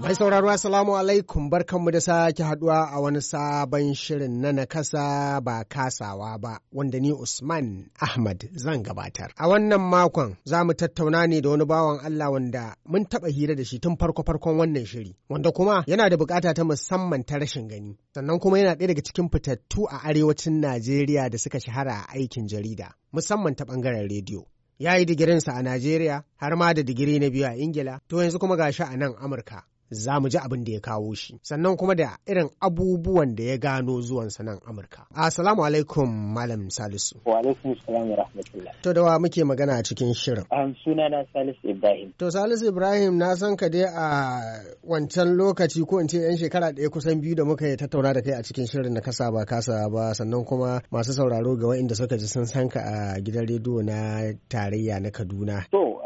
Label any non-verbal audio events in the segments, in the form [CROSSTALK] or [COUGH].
Mai sauraro Assalamu alaikum barkanmu da sake haduwa a wani sabon shirin na nakasa ba kasawa ba wanda ni Usman Ahmad zan gabatar. A wannan makon za mu tattauna ne da wani bawan Allah wanda mun taba hira da shi tun farko farkon wannan shiri wanda kuma yana da bukata ta musamman ta rashin gani sannan kuma yana ɗaya daga cikin fitattu a arewacin Najeriya da suka shahara a aikin jarida musamman ta bangaren rediyo. ya yi digirinsa a Najeriya har ma da digiri na biyu a Ingila, to yanzu kuma gashi a nan Amurka. za mu ji abin da ya kawo shi sannan kuma da irin abubuwan da ya gano zuwan nan amurka assalamu alaikum malam salisu wa alaikum salam wa rahmatullah to da wa muke magana a cikin shirin an suna na salisu ibrahim to salisu ibrahim na san ka dai a wancan lokaci ko in ce yan shekara ɗaya kusan biyu da muka yi tattauna da kai a cikin shirin da kasa ba kasa ba sannan kuma masu sauraro ga wa'inda suka ji sun san ka a gidan rediyo na tarayya na kaduna to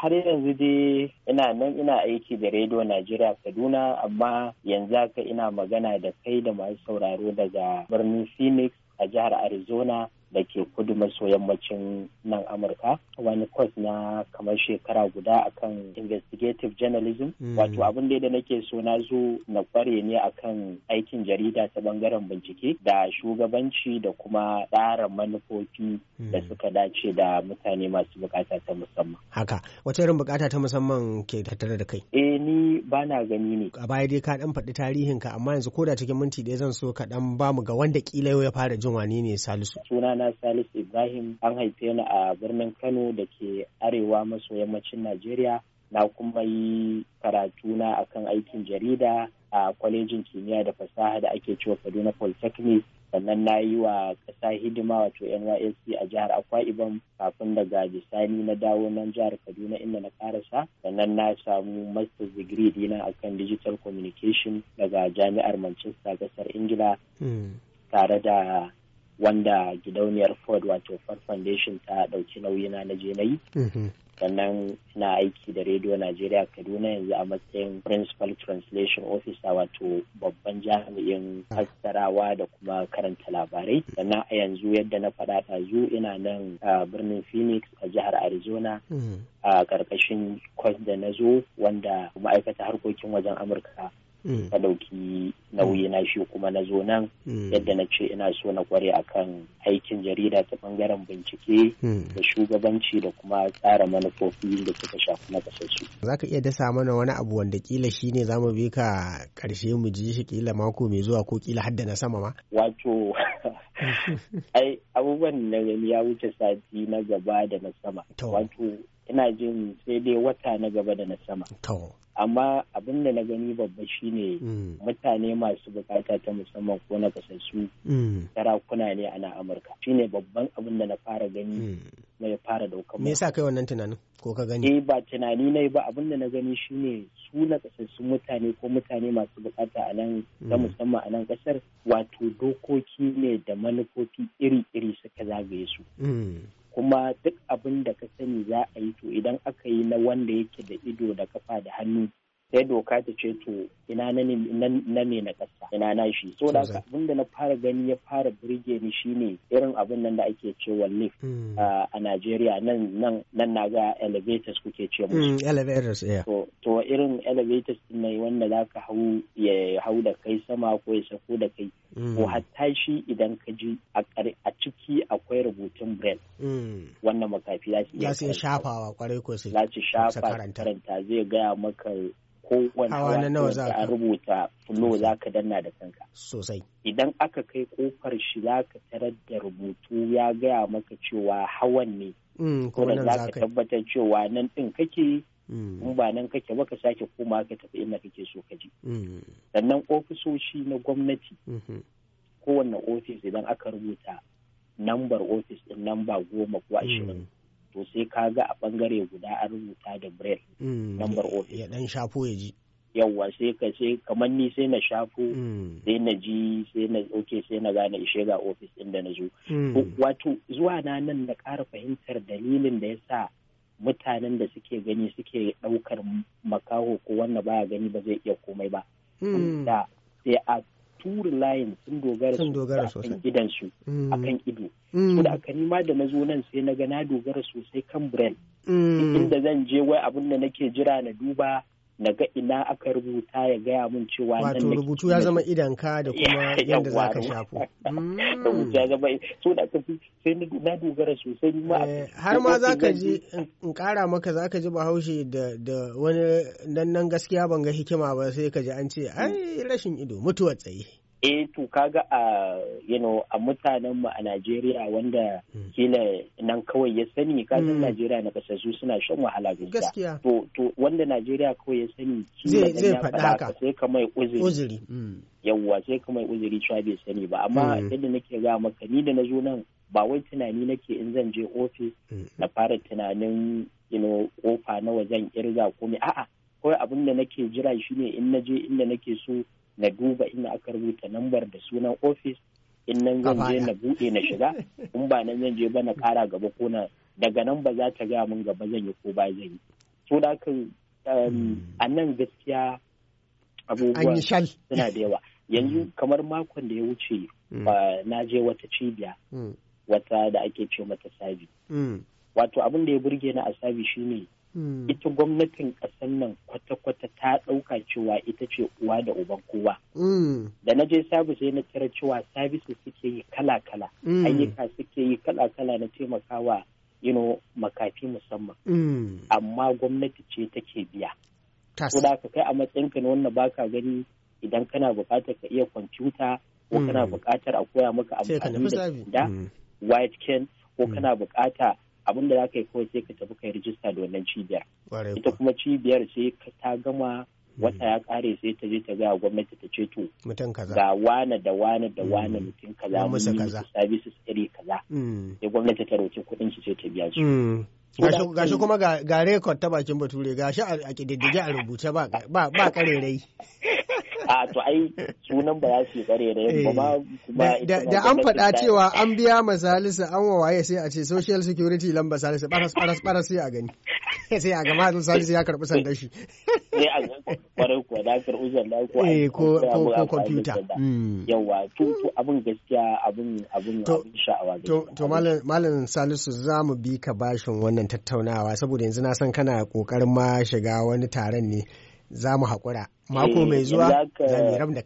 har yanzu dai ina nan ina aiki da Radio Najeriya Kaduna amma yanzu haka ina magana da kai da masu sauraro daga birnin Phoenix a jihar Arizona da ke kudu maso yammacin nan amurka wani kwas na kamar shekara guda akan investigative journalism mm. wato abin da nake so na zo na kware ne akan aikin jarida ta bangaren bincike da shugabanci da kuma tsara manufofi da mm. suka dace da mutane masu bukata ta musamman haka wace irin bukata ta musamman ke tattare da kai eh ni bana gani ne a baya dai ka dan faɗi tarihin ka amma yanzu ko da cikin minti ɗaya zan so ka dan mu ga wanda kila yau ya fara jin wani ne salisu sunana Salisu Ibrahim an haife ni a birnin Kano da ke arewa maso yammacin Najeriya na kuma yi karatuna akan aikin jarida a kwalejin kimiyya da fasaha da ake cewa Kaduna Polytechnic sannan na yi wa ƙasa hidima wato NYSC a jihar Akwa Ibom kafin daga bisani na dawo nan jihar Kaduna inda na karasa sannan na samu master's degree dina akan digital communication daga jami'ar Manchester ƙasar Ingila hmm. tare da wanda gidauniyar ford wato ford foundation ta dauki nauyina na je na yi mm-hmm. sannan ina aiki da rediyo najeriya kaduna yanzu a matsayin principal translation officer wato babban jami'in fassarawa da kuma karanta labarai sannan a yanzu yadda na faɗa ɗazu ina nan a birnin phoenix a jihar arizona mm-hmm. a ƙarƙashin kwas da na zo wanda ma'aikata harkokin wajen amurka ka mm. ɗauki nauyi na shi kuma na zo nan mm. yadda na ce ina so na kware akan aikin jarida ta ɓangaren bincike mm. da shugabanci da kuma tsara manufofi da suka shafi na su. Za ka iya dasa mana wani abu wanda kila shi ne za mu bi ka karshe mu ji shi kila mako mai zuwa ko kila hadda na sama ma? Wato [LAUGHS] ai abubuwan na ya wuce sati na gaba da na sama. Wato ina jin sai dai wata na gaba da na sama amma abin da na gani babba shine mm. mutane masu bukata ta musamman ko na kasassu mm. sarakuna ne ana amurka shine babban abin da na fara gani mm. mai fara daukar me yasa kai wannan tunanin ko ka gani eh ba tunani ne ba abin da na gani shine su na kasassu mutane ko mutane masu bukata a nan ta musamman a nan kasar wato dokoki ne da manufofi iri-iri suka zagaye su kuma duk abin da ka sani za a yi to idan aka yi na wanda yake da ido da kafa da hannu sai doka ta ce to ina na ne na kasa ina na shi so da abinda na fara gani ya fara burge ni shine irin abin nan da ake cewa lif. Hmm. a Najeriya nan na ga elevators kuke ce musu hmm, elevators to irin elevators din mai wanda zaka hau ya hau da kai sama ko ya sako da kai ko hmm. hatta shi idan ka ji a ciki akwai rubutun brand wannan makafi za su iya shafawa kwarai ko sai za su shafa karanta zai gaya maka kowane hawa nawa za ka rubuta fulo za ka danna da kanka sosai idan aka kai kofar shi za ka tarar da rubutu ya gaya maka cewa hawan ne mm, kuma za ka tabbatar cewa nan din kake mm. in ba nan kake ba ka sake koma ka tafi inda kake so ka je mm. sannan ofisoshi na gwamnati mm-hmm. kowanne ofis idan aka rubuta nambar ofis din namba goma ko ashirin to sai ka ga a bangare guda an rubuta da braille mm. number office ya dan shafo ya ji yawwa sai ka sai kamar ni sai na shafo mm. sai na ji sai na oke sai na gane ishe ga ofis inda na zo mm. wato zuwa na nan na ƙara fahimtar dalilin da ya sa mutanen da suke gani suke ɗaukar makaho ko wanda baya gani ba zai iya komai ba sai a tura layin sun dogara akan gidansu mm. kan ido mm. so da aka nima da na zo nan sai na ga na dogara sosai kan brand mm. inda zan je wai abin da nake jira na duba daga ina aka rubuta ya gaya mun cewa wato rubutu ya zama idanka da kuma [LAUGHS] yadda za ka shafo [LAUGHS] mm. rubutu ya zama so da kafi sai na dogara sosai ma eh, har ma za ka ji [LAUGHS] in kara maka za ka ji bahaushe da da wani nan gaskiya ban ga hikima ba sai ka ji an ce ai rashin ido mutuwa tsaye eh to kaga a you know a mutanen mu a Najeriya wanda hmm. kila nan kawai ya sani kasan hmm. Najeriya na kasassu suna shan wahala gaskiya to to wanda Najeriya kawai ya sani ne zai faɗa haka sai ka mai uzuri hmm. yawwa sai ka mai uzuri cewa bai sani ba amma yadda nake ga maka ni da na nan ba wai tunani nake in zan je ofis na fara tunanin you know kofa nawa zan kirga ko me a'a kawai abin da nake jira shine in na je inda nake so na duba inda aka rubuta lambar da sunan ofis in nan zan je na buɗe na shiga [LAUGHS] in ba nan zan je ba na kara gaba ko na daga nan ba za ta ga min gaba zan yi ko ba zan yi so da kan um, hmm. a nan gaskiya abubuwa suna da yawa [LAUGHS] hmm. yanzu kamar makon da ya wuce hmm. na je wata cibiya wata da ake ce mata sabi wato abin da ya burge na a sabi shine Hmm. ita gwamnatin ƙasar nan kwata-kwata ta ɗauka cewa ita ce uwa da uban kowa. Hmm. Da na je sabu sai na kira cewa sabisu suke yi kala-kala, hmm. ayyuka suke yi kala-kala na taimakawa you makafi musamman. Amma gwamnati ce take biya. Kuda ka kai a matsayinka na wannan baka gani idan kana buƙatar ka iya kwamfuta ko kana buƙatar a koya maka amfani da white can ko kana buƙata abin da za ka yi kawai sai ka tafi kai rijista da wannan cibiyar ita kuma cibiyar sai ta gama hmm. wata ya kare sai ta je ta ga gwamnati ta ce to ga wane da wane da hmm. wane mutum kaza musu kaza services iri kaza hmm. sai gwamnati ta roki kuɗin su sai ta biya su gashi kuma ga rekod ta bakin bature gashi a kididdige a rubuce ba karerai [LAUGHS] a to ai sunan ba ya ce tsare da yamma ba kuma eh, da an faɗa cewa an biya ma Salisu an wawaye sai a ce social security lamba Salisu baras baras baras sai a gani [LAUGHS] sai a gama sun Salisu ya karɓi sandar shi sai a kwarai ko da karɓi sandar ko eh ko ko computer hmm. yawa to to abin gaskiya abin abin sha'awa to to malam Salisu za mu bi ka bashin wannan tattaunawa saboda yanzu na san kana kokarin ma shiga wani taron ne za mu haƙura mako eh, mai zuwa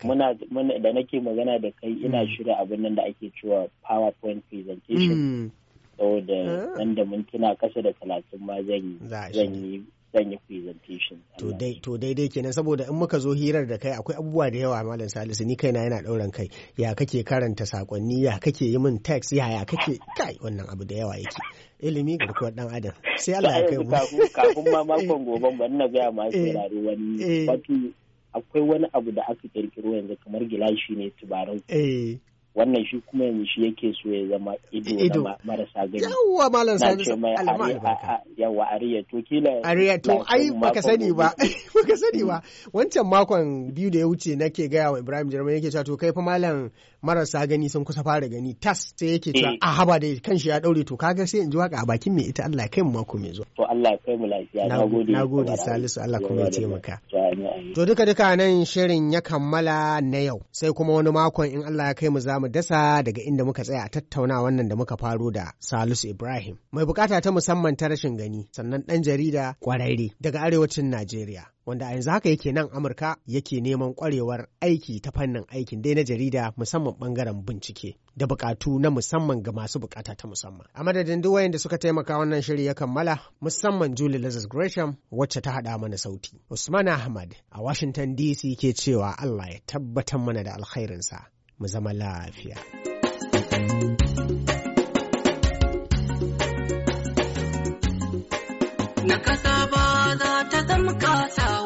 muna da nake magana da kai ina mm. shirya abin nan da ake cewa powerpoint presentation mm. saboda ah. wanda tuna kasa da talatin ma zan yi zan yi presentation. To daidai kenan saboda in muka zo hirar da kai akwai abubuwa da yawa malam Salisu ni kaina yana ɗauran kai ya kake karanta sakonni ya kake yi min text ya ya kake kai wannan abu da yawa yake. Ilimi garkuwar dan adam sai Allah ya kai mu. Kafin ma makon gobe ban na gaya ma [LAUGHS] eh. saurari wani wato eh. akwai wani abu da aka kirkiro yanzu kamar gilashi ne tubarau eh. wannan shi kuma yanzu shi yake so ya zama ido da marasa gani yawwa malam sani alama albarka yawwa ariya to kila ariya to ai baka sani ba [LAUGHS] baka sani ba wancan makon biyu da ya wuce nake gaya wa Ibrahim Jarmai yake cewa to kai fa malam marasa gani sun kusa fara gani tas sai yake cewa eh. a haba da kanshi ya daure to kaga sai in ji waka a bakin mai ita Allah kai mu mako mai zuwa to Allah kai mu lafiya nagode nagode Salisu Allah kuma ya taimaka to duka duka nan shirin ya kammala na yau sai kuma wani makon in Allah ya kai mu zamu dasa daga inda muka tsaya a tattauna wannan da muka faro da Salisu Ibrahim mai bukata ta musamman ta rashin gani sannan dan jarida kwararre daga arewacin Najeriya wanda a yanzu haka yake nan Amurka yake neman kwarewar aiki ta fannin aikin dai na jarida musamman bangaren bincike da bukatu na musamman ga masu bukata ta musamman. A madadin duk wayanda suka taimaka wannan shiri ya kammala musamman Julie Lazarus Gresham wacce ta haɗa mana sauti. Usman Ahmad a Washington DC ke cewa Allah ya tabbatar mana da alkhairinsa mu zama lafiya. Na kasa ba za ta I'm a god.